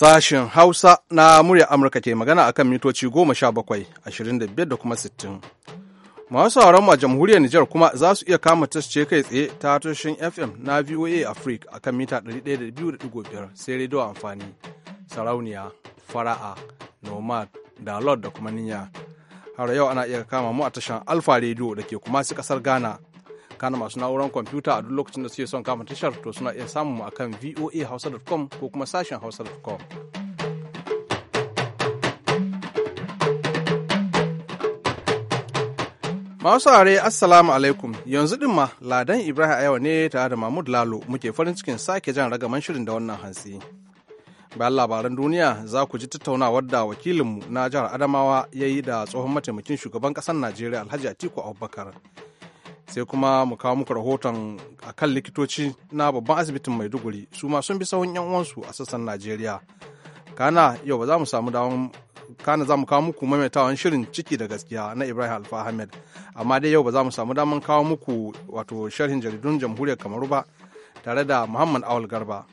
Sashen Hausa na murya Amurka ke magana akan mitoci goma sha bakwai, ashirin da biyar da kuma sittin Masu sauran a jamhuriyar Nijar kuma za su iya kama tasce kai tsaye ta tashin FM na VOA Africa akan mita ɗari 102.5 sai rediyo amfani, sarauniya, fara'a, nomad, da lord da kuma niya. Har yau ana iya kama mu a tashan Alfa Radio da ke kuma su ƙasar Ghana kana masu na'urar kwamfuta a duk lokacin da suke son kama tashar to suna iya samun mu akan voahausa.com ko kuma sashen hausa.com. Masu are Assalamu alaikum yanzu din ma Ladan Ibrahim ayawa ne tare da Mahmud Lalo muke farin cikin sake jan ragaman shirin da wannan hantsi. Bayan labaran duniya za ku ji tattaunawar da wakilinmu na jihar Adamawa ya yi da tsohon mataimakin shugaban ƙasar Najeriya Alhaji Atiku Abubakar sai kuma mu kawo muku rahoton a kan likitoci na babban asibitin maiduguri su ma sun bi sauran yan uwansu a sassan najeriya kana yau ba za mu samu dawon kana za mu kawo muku maimaitawan shirin ciki da gaskiya na ibrahim alfa ahmed amma dai yau ba za mu samu daman kawo muku wato sharhin jaridun jamhuriyar kamaru ba tare da muhammad awal garba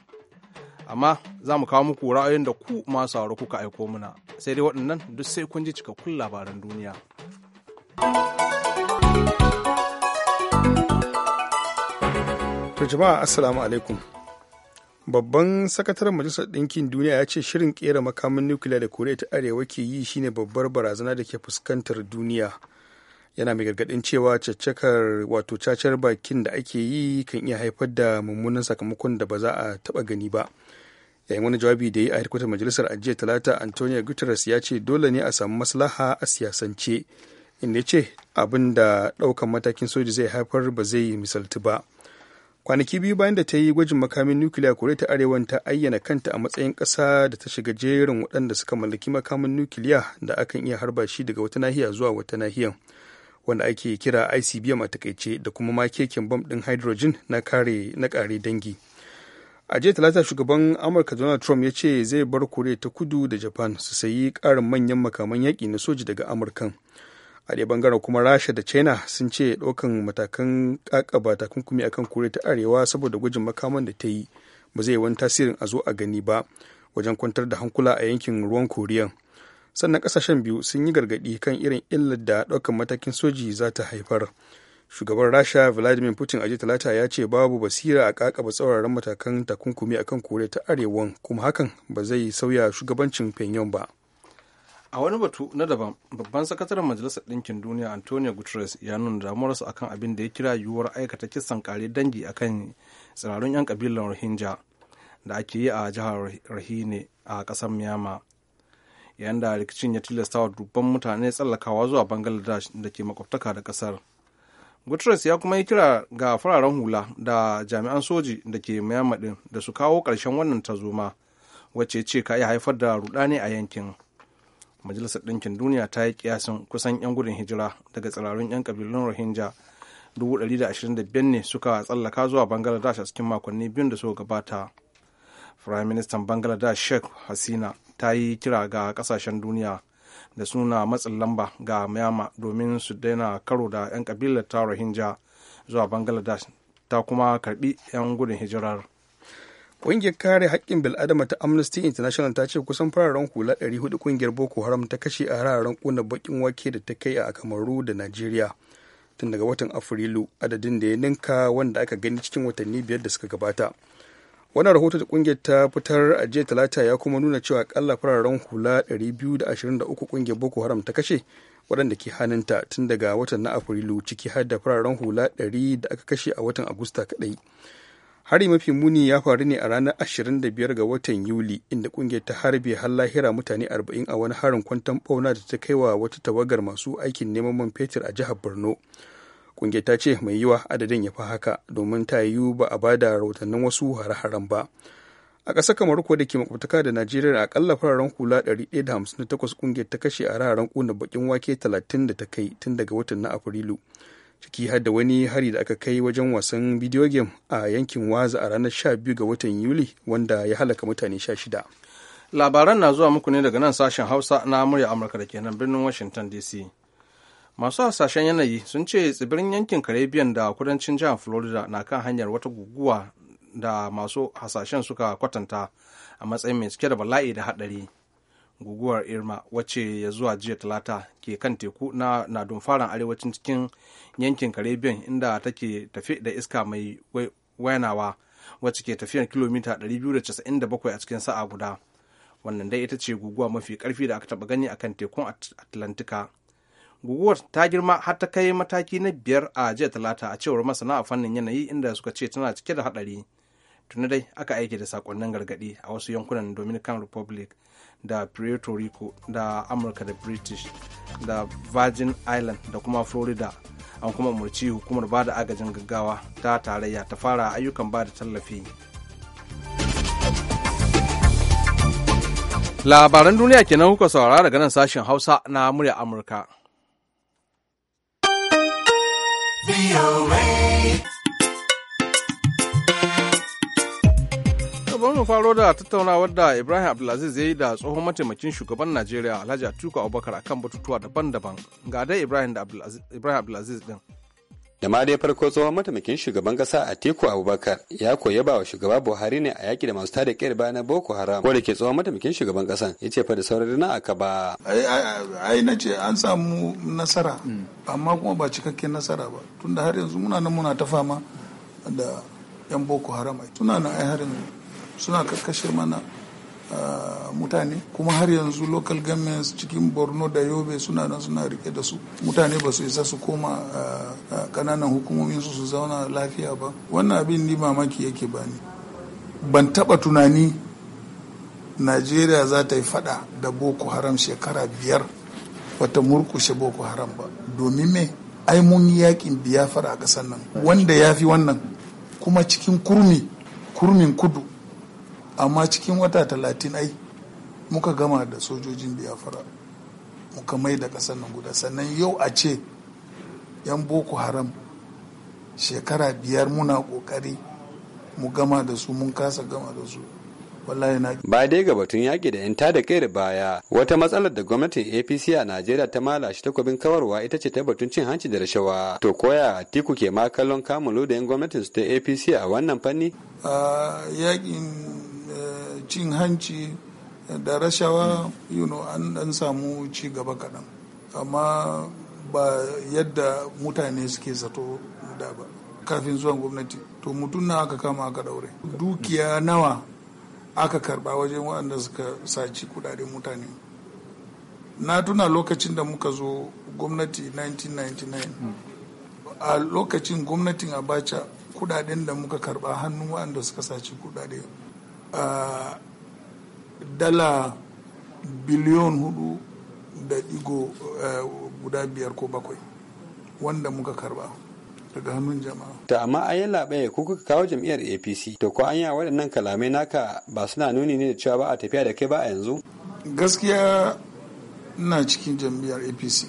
amma za mu kawo muku ra'ayoyin da ku masu sauraro kuka aiko muna sai dai waɗannan duk sai kun ji cikakkun labaran duniya. thank you To jama'a assalamu alaikum. Babban sakataren Majalisar Ɗinkin Duniya ya ce shirin kera makamin nukiliya da Koriya ta Arewa ke yi shine babbar barazana da ke fuskantar duniya. Yana mai gargaɗin cewa caccakar wato cacar bakin da ake yi kan iya haifar da mummunan sakamakon da ba za a taɓa gani ba. Yayin wani jawabi da ya yi a harkutar majalisar ajiyar talata Antonio Guterres ya ce dole ne a samu maslaha a siyasance. Inda ya ce abin da ɗaukan matakin soji zai haifar ba zai misaltu ba. kwanaki biyu bayan da ta yi gwajin makamin nukiliya koriya ta arewan ta ayyana kanta a matsayin ƙasa da ta shiga jerin waɗanda suka mallaki makamin nukiliya da akan iya harba shi daga wata nahiya zuwa wata nahiyan wanda ake kira icbm a takaice da kuma makekin bam ɗin hydrogen na kare na kare dangi a jiya talata shugaban amurka donald trump ya ce zai bar koriya ta kudu da japan su sayi karin manyan makaman yaƙi na soji daga amurkan a ɗaya bangaren kuma rasha da china sun ce ɗaukan matakan ƙaƙaba takunkumi akan koriya ta arewa saboda gwajin makaman da ta yi ba zai wani tasirin a zo a gani ba wajen kwantar da hankula a yankin ruwan koriya sannan ƙasashen biyu sun yi gargaɗi kan irin illar da ɗaukan matakin soji za ta haifar shugaban rasha vladimir putin a talata ya ce babu basira a ƙaƙaba tsauraran matakan takunkumi akan koriya ta arewan kuma hakan ba zai sauya shugabancin pyongyang ba a wani batu na daban babban sakataren majalisar ɗinkin duniya antonio guterres ya nuna damuwarsa akan abin da ya kira yiwuwar aikata kisan kare dangi akan tsirarun 'yan kabilan rohingya da ake yi a jihar rahine a ƙasar miyama yayin da rikicin ya tilasta wa dubban mutane tsallakawa zuwa bangladesh da ke makwabtaka da ƙasar guterres ya kuma yi kira ga fararen hula da jami'an soji da ke din da su kawo ƙarshen wannan tazoma wacce ce ka iya haifar da rudani a yankin majalisar ɗinkin duniya ta yi kiyasin kusan 'yan gudun hijira daga tsirarun 'yan kabilun rohingya 125 ne suka tsallaka zuwa bangladesh a cikin makonni biyun da suka gabata prime minister bangladesh sheikh hasina ta yi kira ga kasashen duniya da suna matsin lamba ga mayama domin su daina karo da 'yan kabilar ta rohingya zuwa bangladesh ta kuma karbi 'yan gudun hijirar Ƙungiyar kare haƙƙin bil'adama ta Amnesty International ta ce kusan fararen hula 400 kungiyar Boko Haram ta kashe a hararen kuna bakin wake da ta kai a Kamaru da nigeria Tun daga watan Afrilu adadin da ya ninka wanda aka gani cikin watanni biyar da suka gabata. Wannan rahoto da ƙungiyar ta fitar a jiya talata ya kuma nuna cewa akalla fararen hula 223 kungiyar Boko Haram ta kashe waɗanda ke hannunta tun daga watan na Afrilu ciki har da fararen hula 100 da aka kashe a watan Agusta kaɗai. hari mafi muni ya faru ne a ranar 25 ga watan yuli inda kungiyar ta harbe har lahira mutane 40 a wani harin kwantan bauna da ta kai wa wata tawagar masu aikin neman man fetur a jihar borno kungiyar ta ce mai yiwa adadin ya fi haka domin ta yiwu ba a ba da rahotannin wasu hare-haren ba a ƙasar kamar da ke makwabtaka da najeriya akalla fararen hula 158 kungiyar ta kashe a raharen kuna bakin wake 30 da ta kai tun daga watan na afrilu ciki har da wani hari da aka kai wajen wasan bidiyo game a yankin waza a ranar 12 ga watan yuli wanda ya halaka mutane 16 labaran na zuwa muku ne daga nan sashen hausa na murya amurka da ke nan birnin washington dc masu hasashen yanayi sun ce tsibirin yankin caribbean da kudancin jihar florida na kan hanyar wata guguwa da masu hasashen suka kwatanta a matsayin mai cike da bala'i da haɗari guguwar irma wacce ya zuwa jiya talata ke kan teku na nadun faran arewacin cikin yankin caribbean inda take tafi da iska mai wayanawa wacce ke tafiyar kilomita 297 a cikin sa'a guda wannan dai ita ce guguwa mafi karfi da aka taba gani akan tekun atlantika guguwar ta girma har ta kai mataki na biyar a jiya talata a cewar masana a fannin yanayi inda suka ce tana cike da hadari tuni dai aka aiki da sakonnin gargadi a wasu yankunan dominican republic da puerto rico da amurka da british da virgin island da kuma florida an kuma murci hukumar ba da agajin gaggawa ta tarayya ta fara ayyukan ba da tallafi labaran duniya kenan kuka saurara daga nan sashen hausa na murya amurka to mu faro da tattaunawar da Ibrahim Abdulaziz ya yi da tsohon mataimakin shugaban Najeriya Alhaji Atiku Abubakar akan batutuwa daban-daban. Ga dai Ibrahim da Ibrahim Abdulaziz din. da ma dai farko tsohon mataimakin shugaban kasa Atiku Abubakar ya koya ba wa shugaba Buhari ne a yaki da masu tada kiyar na Boko Haram wanda ke tsohon mataimakin shugaban kasa ya ce fa da saurari na aka ba ai na ce an samu nasara hmm. amma kuma ba cikakken nasara ba tunda har yanzu muna nan muna ta fama da yan Boko Haram suna na ai har suna karkashin mana ah, mutane kuma har yanzu local governments cikin borno da yobe suna nan suna rike da su mutane ba su isa su koma kananan ah, ah, hukumomin su su zauna lafiya ba wannan abin ni mamaki yake ba bani ban taba tunani najeriya za ta yi fada da boko haram shekara biyar wata murkushe boko haram ba domin me ai mun yi yakin biyafar a kasar nan wanda ya fi wannan kuma cikin kurmi kurmin kudu amma cikin wata talatin ai muka gama da sojojin biafra muka mai da kasar nan guda sannan yau a ce 'yan boko haram shekara biyar muna kokari mu gama da su mun kasa gama da su ba dai ga batun yaƙi da 'yan tada da baya wata matsalar da gwamnatin apc a najeriya ta mala shi takobin kawarwa ita ce ta batun cin hanci da rashawa to koya tiku ke ma kallon kamulu da 'yan gwamnatin su ta apc a wannan fanni yaƙin cin hanci da rashawa you know an samu ci gaba kaɗan amma ba yadda mutane suke zato da ba kafin zuwan gwamnati to mutum na aka kama aka daure dukiya nawa aka karba wajen waɗanda suka saci kudaden mutane na tuna lokacin da muka zo gwamnati 1999 a lokacin gwamnatin abacha kudaden da muka karba hannun waɗanda suka saci kudade a ah, dala biliyon hudu da digo eh, guda biyar ko bakwai wanda muka karba daga hannun jama'a. Ta amma an yi labaye ko kuka kawo jam'iyyar APC to ko an yi waɗannan kalamai naka ba suna nuni ne da cewa ba a tafiya da kai ba a yanzu? Gaskiya ina cikin jam'iyyar APC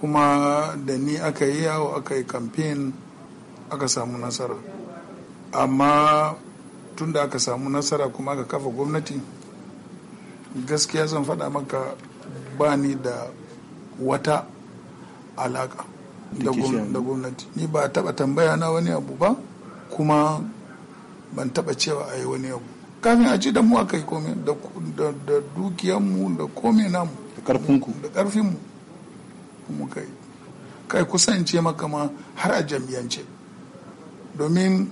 kuma da ni aka yi yawo aka yi kamfen aka samu nasara amma tun da aka samu nasara kuma aka kafa gwamnati gaskiya zan faɗa maka ba ni da wata alaka da gwamnati ni ba taɓa tambaya na wani abu ba kuma ban taɓa cewa a yi wani abu kafin a ci da mu aka yi komai da dukiyanmu da komai namu da da karfinmu kuma kai kai kusance maka ma har a jam'iyyance domin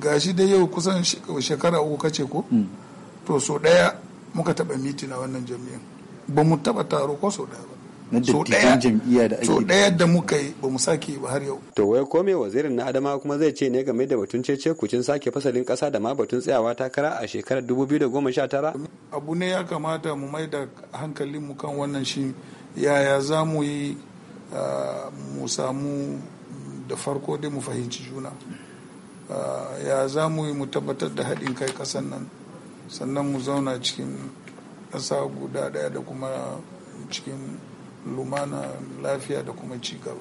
gashi da yau kusan shekara uku kace ko mm. to so daya muka taba miti na wannan jami'in ba mu taba taro ko so daya ba so daya da ake so daya da muka yi ba mu sake ba har yau to wai ko me wazirin na adama kuma zai ce ne game da batun cece kucin sake fasalin kasa da ma batun tsayawa takara a shekarar 2019 abu ne ya kamata mu mai da hankali mu kan wannan shi yaya za mu yi ah, mu samu da farko dai mu fahimci juna ya za mu yi mu tabbatar da haɗin kai ƙasar nan sannan mu zauna cikin ƙasa guda ɗaya da kuma cikin lumana lafiya da kuma cigaba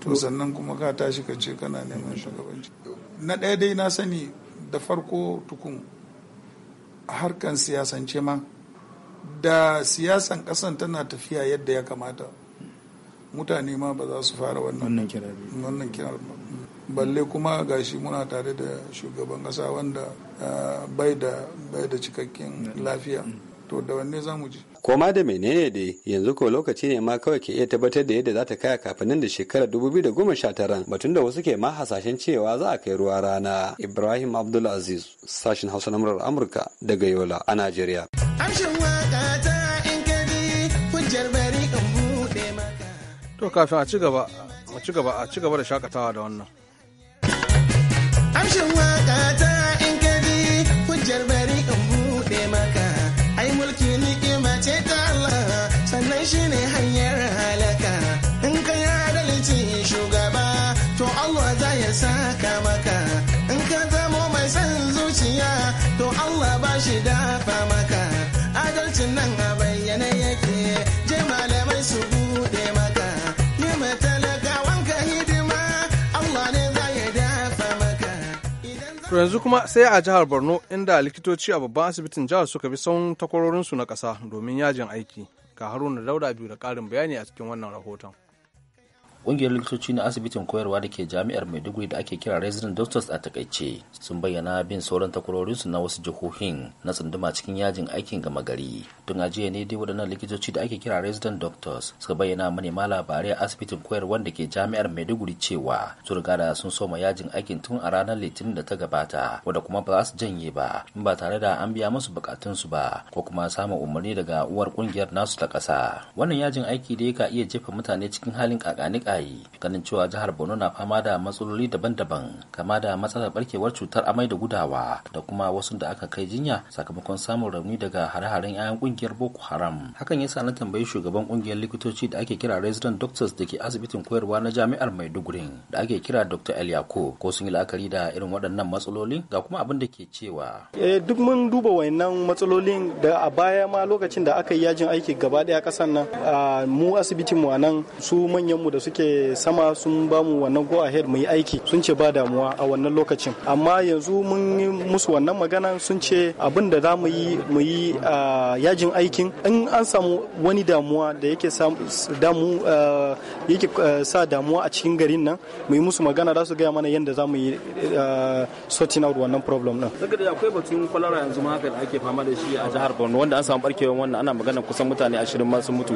to sannan kuma ka tashi ka ce kana neman shugabanci na ɗaya dai na sani da farko tukun harkan siyasance ma da siyasan ƙasan tana tafiya yadda ya kamata mutane ma ba za su fara wannan kirar ba balle kuma gashi muna tare da shugaban ƙasa wanda ah, bai da bai da cikakken lafiya to da wanne za mu ji koma da menene da yanzu ko lokaci ne ma kawai ke iya tabbatar da yadda za ta kaya kafin nan da shekarar 2019 batun da wasu ke ma hasashen cewa za a kai ruwa rana ibrahim abdulaziz sashen hausa na murar amurka daga yola a najeriya to kafin a ci gaba a ci gaba da shakatawa da wannan mata ta yanzu kuma sai a jihar borno inda likitoci a babban asibitin jihar suka bi son takwarorinsu na ƙasa domin yajin aiki ga haruna dauda biyu da ƙarin bayani a cikin wannan rahoton Ƙungiyar likitoci na asibitin koyarwa da ke jami'ar Maiduguri da ake kira Resident Doctors a takaice sun bayyana bin sauran takwarorinsu na wasu jihohin na tsunduma cikin yajin aikin gama gari. Tun a jiya ne dai waɗannan likitoci da ake kira Resident Doctors suka bayyana manema labarai a asibitin koyarwa da ke jami'ar Maiduguri cewa sun riga da sun soma yajin aikin tun a ranar Litinin da ta gabata wadda kuma ba za su janye ba in ba tare da an biya musu bukatunsu ba ko kuma samun umarni daga uwar ƙungiyar nasu ta ƙasa. Wannan yajin aiki da ka iya jefa mutane cikin halin kakanik kai ganin cewa jihar borno na fama da matsaloli daban-daban kama da matsalar barkewar cutar amai da gudawa da kuma wasu da aka kai jinya sakamakon samun rauni daga hare-haren 'ya'yan kungiyar boko haram hakan ya sa na tambayi shugaban kungiyar likitoci da ake kira resident doctors da ke asibitin koyarwa na jami'ar maiduguri da ake kira dr eliako ko sun yi la'akari da irin waɗannan matsaloli ga kuma abin da ke cewa eh, duk mun duba wayannan matsalolin da a baya ma lokacin da aka yi yajin aiki gaba ɗaya kasan nan mu asibitin mu nan su manyanmu da suke suke sama sun ba mu wannan go ahead mu yi aiki sun ce ba damuwa a wannan lokacin amma yanzu mun yi musu wannan magana sun ce abin da za mu yi mu yi yajin aikin in an samu wani damuwa da yake damu yake sa damuwa a cikin garin nan mu yi musu magana za su gaya mana yadda za mu yi sorting out wannan problem din saboda akwai batun kwalara yanzu ma haka da ake fama da shi a jihar Borno wanda an samu barkewan wannan ana magana kusan mutane 20 ma sun mutu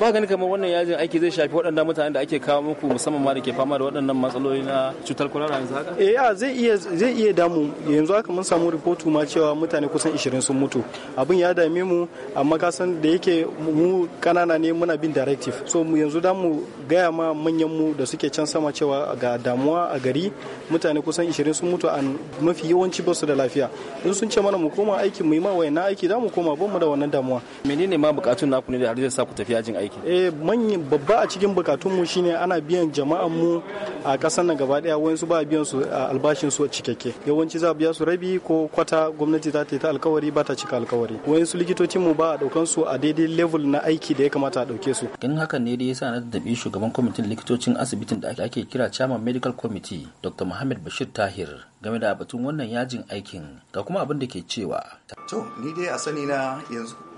ba gani kamar wannan yajin aiki zai shafi waɗanda mutanen da ake kawo muku musamman ma da ke fama da waɗannan matsaloli na cutar kwalara yanzu haka? Eh zai iya zai iya damu yanzu haka mun samu rahoto ma cewa mutane kusan 20 sun mutu. Abin ya dame mu amma ka san da yake mu kanana ne muna bin directive. So yanzu da mu gaya ma manyan mu da suke can sama cewa ga damuwa a gari mutane kusan 20 sun mutu a mafi yawanci ba su da lafiya. In sun ce mana mu koma aiki mu yi ma wayannan aiki za mu koma ba mu da wannan damuwa. Menene ma bukatun naku ne da har zai sa ku tafi yajin aiki? Eh manyan babba a cikin bukatun mu shine biyan ana biyan jama'an mu a kasar nan gaba ɗaya wayansu ba biyan su albashin su cikakke yawanci za a biya su rabi ko kwata gwamnati za ta yi ta alkawari ba ta cika alkawari wayansu likitocin mu ba a ɗaukan su a daidai level na aiki da ya kamata a ɗauke su kin hakan ne da yasa na tabi shugaban kwamitin likitocin asibitin da ake kira chairman medical committee dr muhammad bashir tahir game da batun wannan yajin aikin ga kuma abin da ke cewa to ni dai a sani na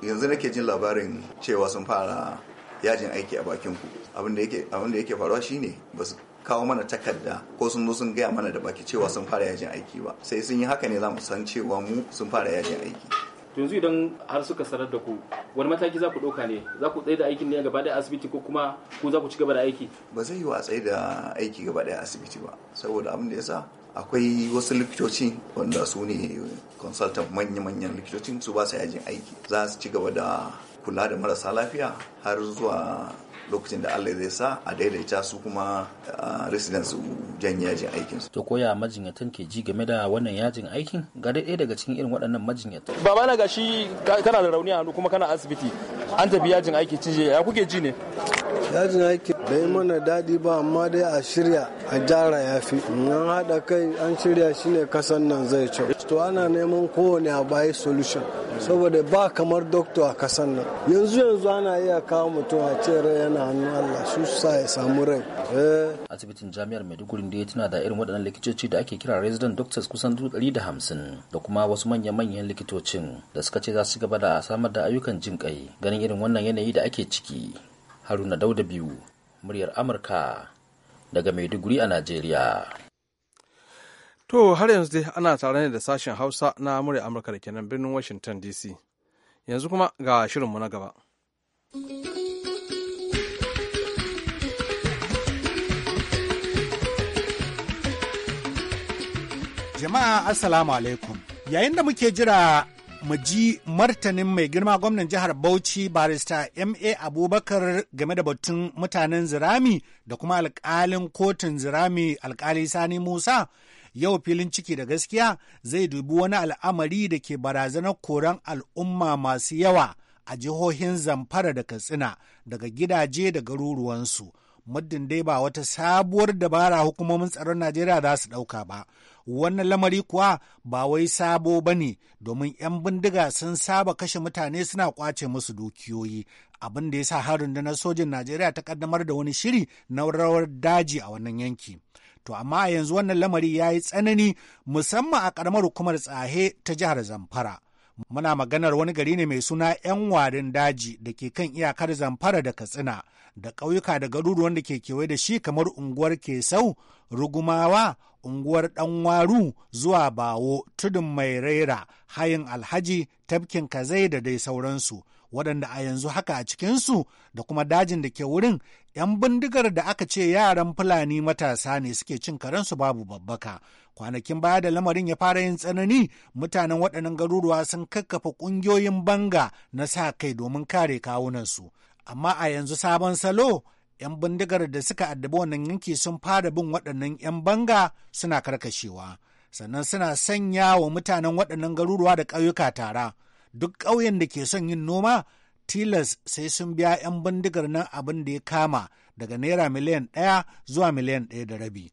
yanzu nake jin labarin cewa sun fara yajin aiki a bakin ku abin da yake faruwa shine ba su kawo mana takarda ko sun zo sun gaya mana da baki cewa sun fara yajin aiki ba sai sun yi haka ne za mu san cewa mu sun fara yajin aiki yanzu idan har suka sanar da ku wani mataki za ku ɗauka ne za ku tsaye da aikin ne gaba ɗaya asibiti ko kuma ku za ku ci gaba da aiki ba zai yi wa tsaye da aiki gaba ɗaya asibiti ba saboda abin da yasa akwai wasu likitoci wanda su ne consultant manya-manyan likitocin su ba su yajin aiki za su ci gaba da kula da marasa lafiya har zuwa lokacin da Allah zai sa a daidaita su kuma residents su jan yajin aikin su. To koya majinyatan ke ji game da wannan yajin aikin ga ɗaya daga cikin irin waɗannan majinyatan. Baba na gashi kana da rauni a hannu kuma kana asibiti an tafi yajin aiki cije ya kuke ji ne? yajin aiki bai mana daɗi ba amma dai a shirya a jara ya fi an haɗa kai an shirya shine kasan nan zai cewa to ana neman kowane a bayi solution saboda ba kamar dokto a kasan nan yanzu yanzu ana iya kawo mutum a ce rai yana hannun allah su sa ya samu rai eh. asibitin jami'ar maiduguri da ya tuna da irin waɗannan likitoci da ake kira resident doctors kusan ɗari da hamsin da kuma wasu manya-manyan likitocin da suka ce za su gaba da samar da ayyukan jin ƙai ganin irin wannan yanayi da ake ciki haruna dauda biyu muryar amurka daga maiduguri a najeriya to har yanzu dai ana tare ne da sashen hausa na muryar amurka da kenan birnin washington dc yanzu kuma ga shirinmu na gaba jama'a assalamu alaikum yayin da muke jira mu ji martanin mai girma gwamnan jihar Bauchi barista MA Abubakar game da batun mutanen Zirami da kuma alkalin kotun Zirami alkali Sani Musa yau filin ciki da gaskiya zai dubi wani al'amari da ke barazanar koran al'umma masu yawa a jihohin Zamfara da Katsina daga gidaje da garuruwansu. Muddin dai ba wata sabuwar dabara hukumomin tsaron Najeriya za su ɗauka ba. Wannan lamari kuwa ba wai sabo ba ne domin 'yan bindiga sun saba kashe mutane suna kwace musu dukiyoyi. Abin da ya sa harin da na sojin Najeriya ta kaddamar da wani shiri na rawar daji a wannan yanki. To amma a yanzu wannan lamari ya yi tsanani musamman a ƙaramar hukumar tsahe ta jihar Zamfara. Muna maganar wani gari ne mai suna 'yan warin daji da ke kan iyakar Zamfara da Katsina da ƙauyuka da garuruwan da ke kewaye da shi kamar unguwar Kesau, Rugumawa, unguwar ɗanwaru zuwa bawo tudun mai raira hayin alhaji tafkin kazai da dai sauransu waɗanda a yanzu haka a cikinsu da kuma dajin da ke wurin 'yan bindigar da aka ce yaran fulani matasa ne suke cin karensu babu babbaka kwanakin baya da lamarin ya fara yin tsanani mutanen waɗannan garuruwa sun kakkafa ƙungiyoyin banga na sa kai domin kare kawunansu amma a yanzu sabon salo 'yan bindigar da suka addabi wannan yanki sun fara bin waɗannan 'yan banga suna karkashewa sannan suna sanya wa mutanen waɗannan garuruwa da ƙauyuka tara duk ƙauyen da ke son yin noma tilas sai sun biya 'yan bindigar nan abin da ya kama daga naira miliyan ɗaya zuwa miliyan ɗaya da rabi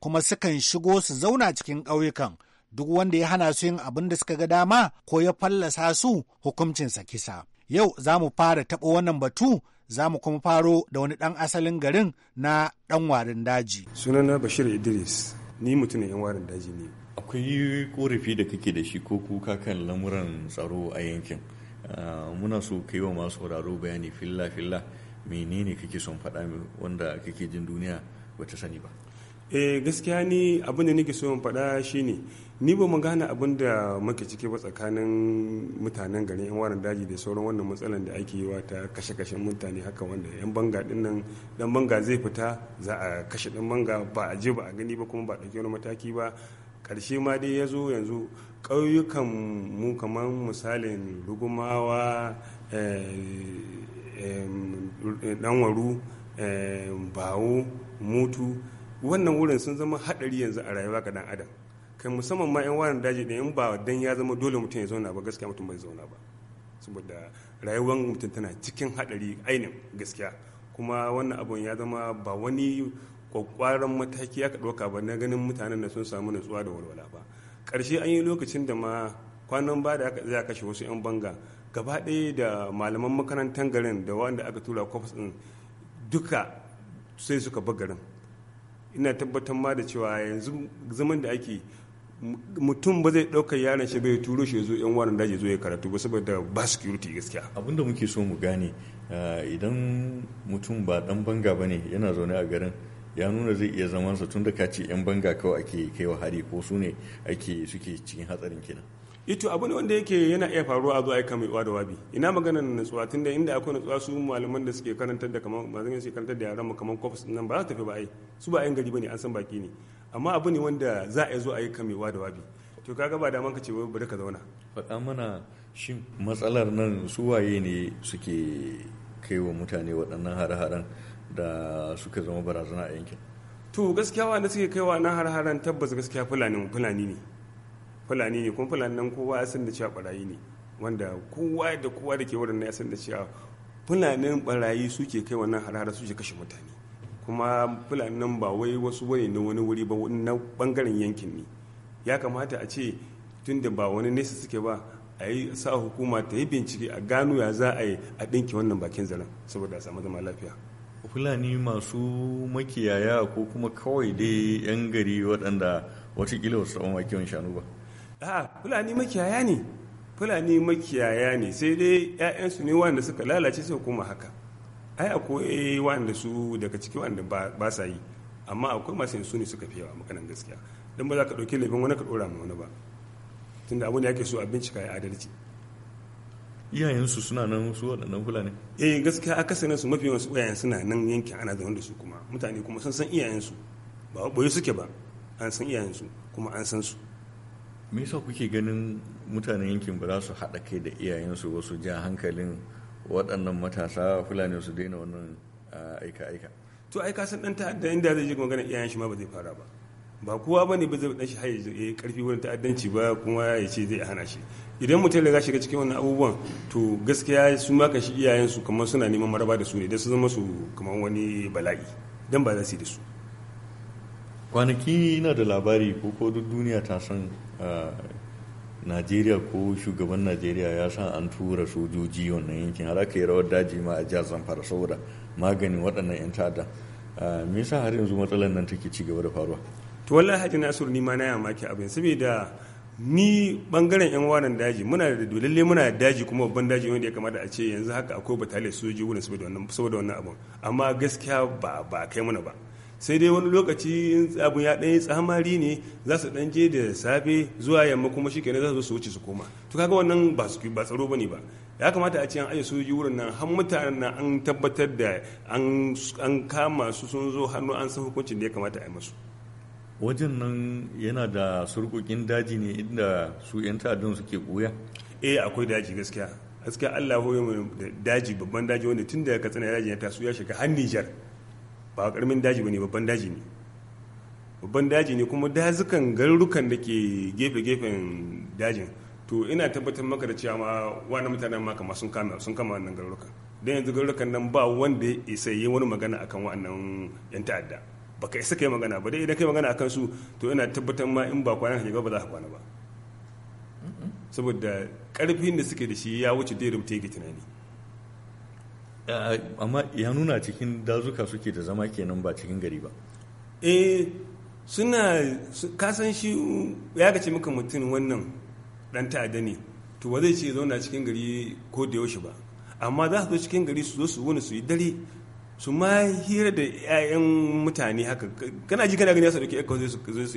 kuma sukan shigo su zauna cikin ƙauyukan duk wanda ya hana su yin abin da suka ga dama ko ya fallasa su hukuncinsa kisa. Yau za mu fara taɓa wannan batu za mu kuma faro da wani ɗan asalin garin na ɗan warin daji. Sunana Bashir Idris, ni mutumin 'yan warin daji ne. Akwai korafi da kake da shi ko kuka kan lamuran tsaro a yankin. Ah, muna so kai wa masu wuraro bayani filla-filla menene kake son faɗa wanda kake jin duniya bata sani ba. Eh gaskiya ni abin da nake so in faɗa shine ni ba mu gane abin da muke ciki ba tsakanin mutanen garin yan waran daji da sauran wannan matsalar da ake yi wa ta kashe-kashen mutane haka wanda yan banga din nan dan banga zai fita za a kashe dan banga ba a je ba a gani ba kuma ba dauke wani mataki ba karshe ma dai ya zo yanzu ƙauyukan mu kamar misalin rugumawa danwaru eh, eh, eh, bawo mutu wannan wurin sun zama haɗari yanzu a rayuwa ga dan adam kai musamman ma yan wani daji da in ba dan ya zama dole mutum ya zauna ba gaskiya mutum bai zauna ba saboda rayuwar mutum tana cikin hadari ainihin gaskiya kuma wannan abun ya zama ba wani kwakwaran mataki aka ɗauka ba na ganin mutanen da sun samu natsuwa da walwala ba ƙarshe an yi lokacin da ma kwanan ba da za kashe wasu 'yan banga gaba ɗaya da malaman makarantar garin da wanda aka tura kwafis ɗin duka sai suka bar garin ina tabbatar ma da cewa yanzu zaman da ake mutum ba zai ɗauka yaron shi bai turo shi ya zo yan waran daji zo ya karatu ba saboda ba security gaskiya abinda muke so mu gane eh, idan mutum ba dan banga ba ne yana zaune a garin ya nuna zai iya zaman sa tunda ka ce yan banga kawai ake kai wa hari ko su ne ake suke cikin hatsarin kenan ito abu ne wanda yake yana iya faruwa a zuwa aika mai da wabi ina maganar natsuwa tunda inda akwai natsuwa su malaman da suke karantar da kamar ba zan karantar da yaran mu kamar kofis nan ba za ta tafi ba ai su ba ayin gari bane an san baki ne amma abu ne wanda za a zo a yi kamewa da wabi to kaga ba daman ka ce wai bari ka zauna faɗa mana shin matsalar nan su waye ne suke kai wa mutane waɗannan har haren da suka zama barazana a yankin to gaskiya wanda suke kai wa nan har haren tabbas gaskiya fulani fulani ne fulani ne kuma fulani nan kowa ya san da cewa barayi ne wanda kowa da kowa da ke wurin ya san da cewa fulanin barayi suke kai wannan harare suke kashe mutane kuma fulani nan ba wai wasu bane na wani wuri ba na bangaren yankin ne ya kamata a ce tun da ba wani nesa suke ba a yi sa hukuma ta yi bincike a gano ya za a yi a ɗinke wannan bakin zaren saboda a samu zama lafiya fulani masu makiyaya ko kuma kawai dai yan gari waɗanda watakila wasu tsawon kiwon shanu ba a fulani makiyaya ne fulani makiyaya ne sai dai 'ya'yansu ne wanda suka lalace suka kuma haka ai akwai wanda su daga ciki wanda ba sa yi amma akwai masu yin su ne suka fi yawa maganan gaskiya don ba za ka ɗauki laifin wani ka ɗora ma wani ba da abin da yake so a bincika ya adalci iyayensu suna nan su waɗannan fulani eh gaskiya akasarin su mafi wasu iyayen suna nan yankin ana zaune da su kuma mutane kuma sun san iyayensu ba ɓoye suke ba an san iyayensu kuma an san su me yasa kuke ganin mutanen yankin ba za su haɗa kai da iyayensu wasu jan hankalin waɗannan matasa fulani su daina wannan aika-aika to ai kasan ɗan ta'adda inda zai je magana iyayen shi ma ba zai fara ba ba kowa ba ne ba zai dan shi haye ya karfi wurin ta'addanci ba kuma ya ce zai hana shi idan mutum ya shiga cikin wannan abubuwan to gaskiya su ma kashi iyayen su kamar suna neman maraba da su ne dan su zama su kamar wani bala'i dan ba za su yi da su kwanaki na da labari ko ko duk duniya ta san najeriya ko shugaban najeriya ya san an tura sojoji wannan yankin har aka yi rawar daji ma a jihar zamfara saboda maganin waɗannan 'yan ta'adda ah, me yasa har yanzu matsalar nan take ci gaba da faruwa to wallahi haji nasiru ni ma na ya maki abin saboda ni bangaren yan wanan daji muna da dole muna da daji kuma babban daji wanda ya kamata a ce yanzu haka akwai bataliya sojoji wurin saboda wannan saboda amma gaskiya ba ba kai muna ba sai dai wani lokaci abu ya ɗanyi tsamari ne za su ɗan je da safe zuwa yamma kuma shi kenan za su zo su wuce su koma to kaga wannan ba tsaro ba ne ba ya kamata a ce an aje sojoji wurin nan har mutanen nan an tabbatar da an kama su sun zo hannu an san hukuncin da ya kamata a yi masu wajen nan yana da surkokin daji ne inda su 'yan ta'addan suke ɓuya eh akwai daji gaskiya gaskiya allah hoyo daji babban daji wanda tun daga katsina ya daji ya taso ya shiga har nijar ba karamin daji ba ne babban daji ne babban daji ne kuma dazukan garurukan da ke gefe-gefen dajin to ina tabbatar maka da cewa wani mutanen ma sun kama sun kama wannan garurukan don yanzu garurukan nan ba wanda ya isa yi wani magana akan wa'annan yan ta'adda baka isa kai magana ba dai idan kai magana akan su to ina tabbatar ma in ba kwana ka ba za ka kwana ba saboda karfin da suke da shi ya wuce dai rubuta yake tunani Eh, amma ya nuna cikin dazuka suke da zama kenan ba cikin gari ba eh suna kasan shi ya gace maka mutum wannan dan ta'adda ne to ba zai ce zauna cikin gari ko da yaushe ba amma za su zo cikin gari su zo su wani su yi dare su ma hira da 'ya'yan mutane haka kana ji kana gani su dauki ekko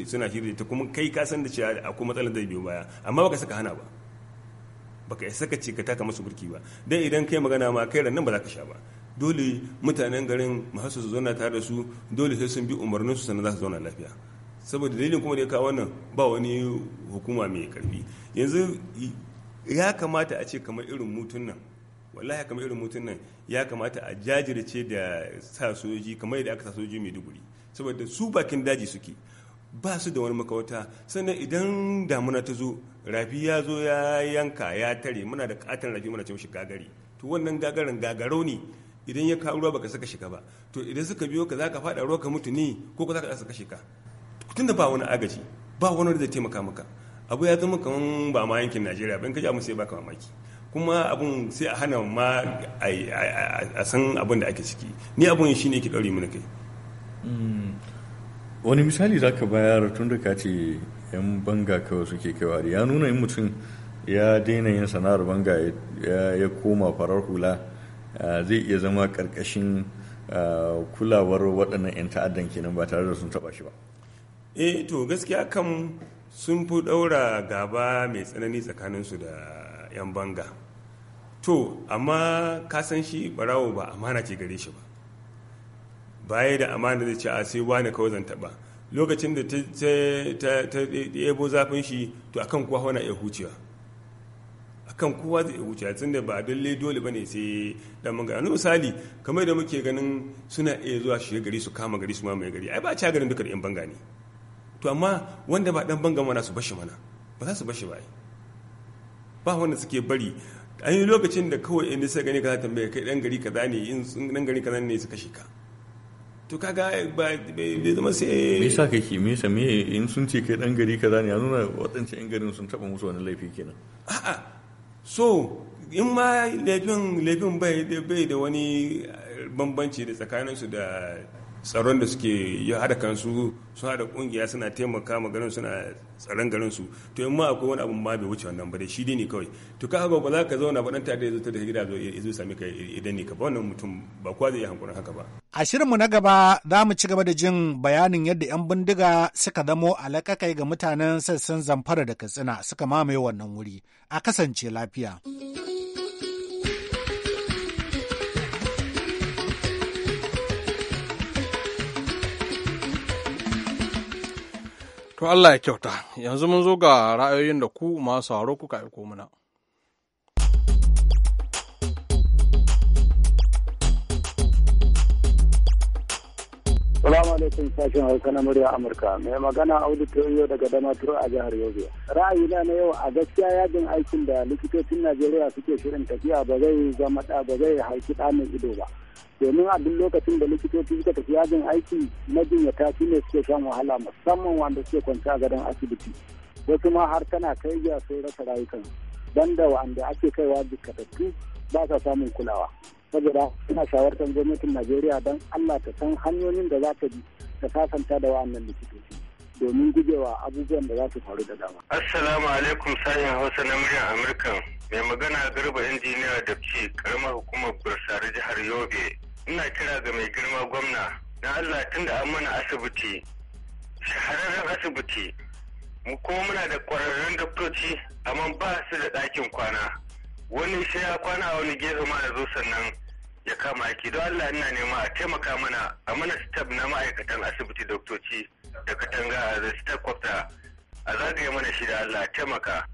suna hira da ta kuma kai ka san da a akwai matsalar zai biyo baya amma baka saka hana ba baka isa ka ce ka taka musu burki ba dan idan kai magana ma kai nan ba za ka sha ba dole mutanen garin mahasu su zauna tare da su dole sai sun bi umarnin su sannan za su zauna lafiya saboda dalilin kuma da ya kawo wannan ba wani hukuma mai karfi yanzu ya kamata a ce kamar irin mutun nan wallahi kamar irin mutun nan ya kamata a jajirce da sa kamar yadda aka sa mai duguri saboda su bakin daji suke ba su da wani makawata sannan idan damuna ta zo rafi ya zo ya yanka ya tare muna da katon rafi muna cewa shi gagari to wannan gagarin gagarau ne idan ya kawo ruwa baka saka shiga ba to idan suka biyo ka zaka fada ruwa ka mutu ne ko ka zaka saka ka tunda ba wani agaji ba wani da zai taimaka maka abu ya zama kaman ba ma yankin Najeriya ba in ka ji abu sai baka mamaki kuma abun sai a hana ma a san abun da ake ciki ni abun shi ne ke dauri mini kai hmm. wani misali za ka bayar tun da ka ce 'yan banga kawai suke kawar ya nuna yin mutum ya daina yin sana'ar banga ya koma farar hula zai iya zama karkashin kulawar waɗannan 'yan ta'addan kenan ba tare da sun taɓa shi ba eh to gaskiya kan sun fi ɗaura gaba mai tsanani tsakaninsu da 'yan banga to amma kasan shi ɓarawo ba amana ce gare shi ba baya da amana zai ce a sai wani kawai zan taɓa lokacin da ta ɗebo zafin shi to akan kowa na iya hucewa akan kowa zai iya hucewa tun da ba dalle dole ba ne sai dan mun gani misali kamar da muke ganin suna iya zuwa shiga gari su kama gari su mamaye gari ai ba ca garin duka da yan banga ne to amma wanda ba dan banga mana su bashi mana ba za su bashi ba ba wanda suke bari an yi lokacin da kawai inda sai gani ka tambaye kai dan gari kaza ne in dan gari kaza ne su kashe ka to kaga bai zama sai me yasa kake me yasa me in sun ce kai dan gari kaza ne ya nuna waɗancan yan garin sun taba musu wani laifi kenan a'a so in ma laifin laifin bai da wani bambanci da tsakaninsu da tsaron da suke ya hada kansu su hada ƙungiya suna taimaka ma garin suna tsaron garin su to in ma akwai wani abu ma bai wuce wannan ba dai shi dai ne kawai to ka haka ba za ka zauna ba dan tare da ta gida zo ya zo sami ka idan ne ka ba wannan mutum ba kwa zai yi hankurin haka ba a shirinmu na gaba za mu ci gaba da jin bayanin yadda 'yan bindiga suka zamo alakakai ga mutanen sassan zamfara da katsina suka mamaye wannan wuri a kasance lafiya. To Allah ya kyauta, yanzu mun zo ga ra'ayoyin da ku masu haro kuka aiko mana. Salamu alaikum sashen hauka na murya Amurka mai magana Audu Toyo daga Damaturu a jihar Yobe. ra'ayi na yau a gaskiya yajin aikin da likitocin Najeriya suke shirin tafiya ba zai zama ba zai haifi ɗanin ido ba. domin a duk lokacin da likitoci suka tafi yajin aiki majinyata shi ne suke shan wahala musamman wanda suke kwanci a gadon asibiti wasu ma har tana kai ga sai rasa rayukan da wanda ake kaiwa jikatattu ba sa samun kulawa saboda ina shawartar gwamnatin najeriya don allah ta san hanyoyin da za ta bi ta sasanta da wa'annan likitoci domin gujewa abubuwan da za su faru da dama. Assalamu alaikum sayin Hausa na muryar Amurka. Mai magana garba injiniya da ke karamar hukumar Bursari jihar Yobe ina kira ga mai girma gwamna na Allah tun da an mana asibiti shahararren asibiti mu ko muna da kwararren daktoci amma ba su da ɗakin kwana wani sai ya kwana a wani gefe ma ya zo sannan ya kama aiki don Allah ina nema a taimaka mana a mana stab na ma'aikatan asibiti doktoci da katanga a zai kwafta a zagaye mana shi da Allah a taimaka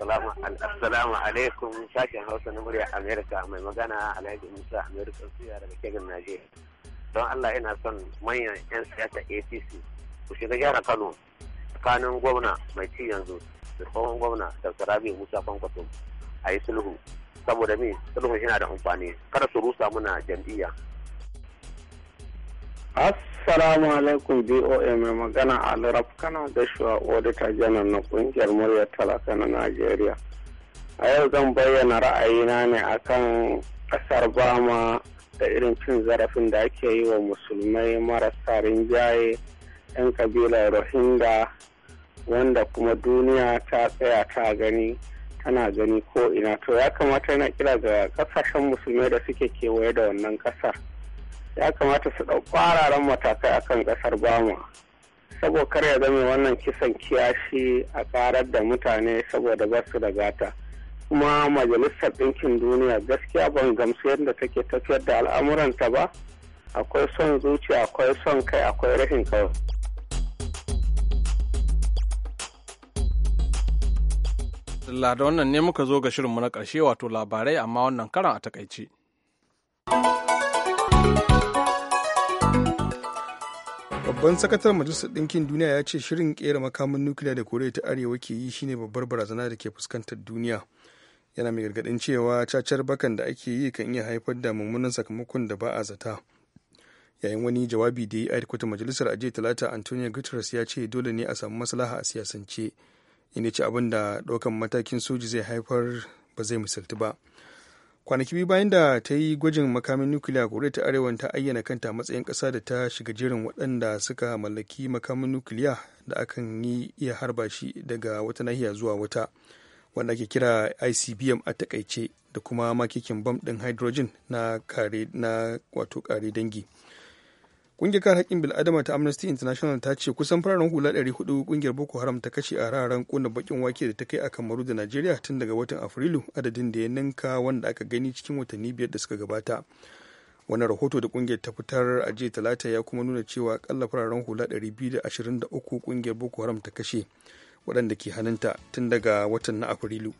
Assalamu alaikum sashen Hausa na murya Amerika mai magana Alhaji Musa Amerika Suya daga Kegan Najeriya. Don Allah ina son manyan 'yan siyasa ATC ku shiga gyara Kano tsakanin gwamna mai ci yanzu da tsohon gwamna Dr. Rabi Musa Kwankwaso a yi sulhu saboda mi sulhu yana da amfani kada su rusa muna jam'iyya. Assalamu alaikum BOA mai magana a Alraf kana shuwa odita janar na kungiyar muryar talaka na Najeriya. A yau zan bayyana ra'ayina ne akan kasar Bama da irin cin zarafin da ake yi wa musulmai marasa rinjaye 'yan kabilar Rohingya wanda kuma duniya ta tsaya ta gani tana gani ko ina to ya kamata na kira ga kasashen musulmai da suke kewaye da wannan kasar. ya kamata su ɗau ƙwararan matakai akan ƙasar bama saboda kar ya zame wannan kisan kiyashi a ƙarar da mutane saboda ba su da gata kuma majalisar ɗinkin duniya gaskiya ban gamsu yadda take tafiyar da al'amuranta ba akwai son zuciya akwai son kai akwai rashin kawai da wannan ne muka zo ga shirin mu na ƙarshe wato labarai amma wannan karan a takaice. babban sakatar majalisar ɗinkin duniya ya ce shirin kera makamin nukiliya da koriya ta arewa ke yi shine babbar barazana da ke fuskantar duniya yana mai gargaɗin cewa cacar bakan da ake yi kan iya haifar da mummunan sakamakon da ba a zata yayin wani jawabi da ya yi aikata majalisar ajiye talata antonio guterres ya ce dole ne a samu maslaha a siyasance inda ce abin da ɗaukan matakin soji zai haifar ba zai misaltu ba kwanaki biyu bayan da ta yi gwajin makamin nukiliya koriya ta arewa ta ayyana kanta matsayin ƙasa da ta shiga jerin waɗanda suka mallaki makamin nukiliya da akan yi iya harba shi daga wata nahiya zuwa wata wanda ake kira icbm a takaice da kuma makikin bam ɗin hydrogen na kare kare dangi Ƙungiyar kare haƙƙin bil'adama ta Amnesty International ta ce kusan fararen hula 400 kungiyar Boko Haram ta kashe a raran kona bakin wake da ta kai a Kamaru da Najeriya tun daga watan Afrilu adadin da ya ninka wanda aka gani cikin watanni biyar da suka gabata. wani rahoto da kungiyar ta fitar a jiya talata ya kuma nuna cewa akalla fararen hula 223 kungiyar boko haram ta kashe waɗanda ke hannunta tun daga watan na afrilu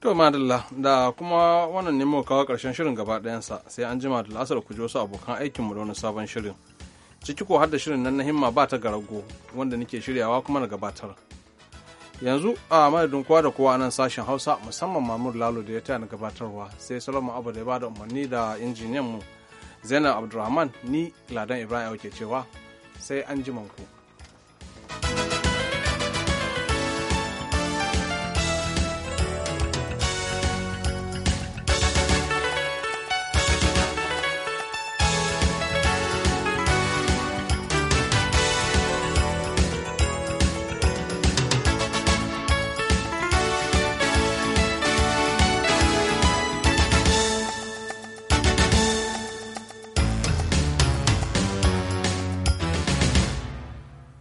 to madalla da kuma wannan ne mu kawo ƙarshen shirin gaba ɗayansa sai an jima da lasar ku ji wasu abokan aikinmu da wani sabon shirin ciki ko har da shirin nan na himma ba ta garago wanda nake shiryawa kuma na gabatar yanzu a madadin kowa da kowa nan sashen hausa musamman mamur lalo da ya taya na gabatarwa sai solomon abu da ya bada umarni da injiniyan mu zainab abdulrahman ni ladan ibrahim ke cewa sai an ji ku.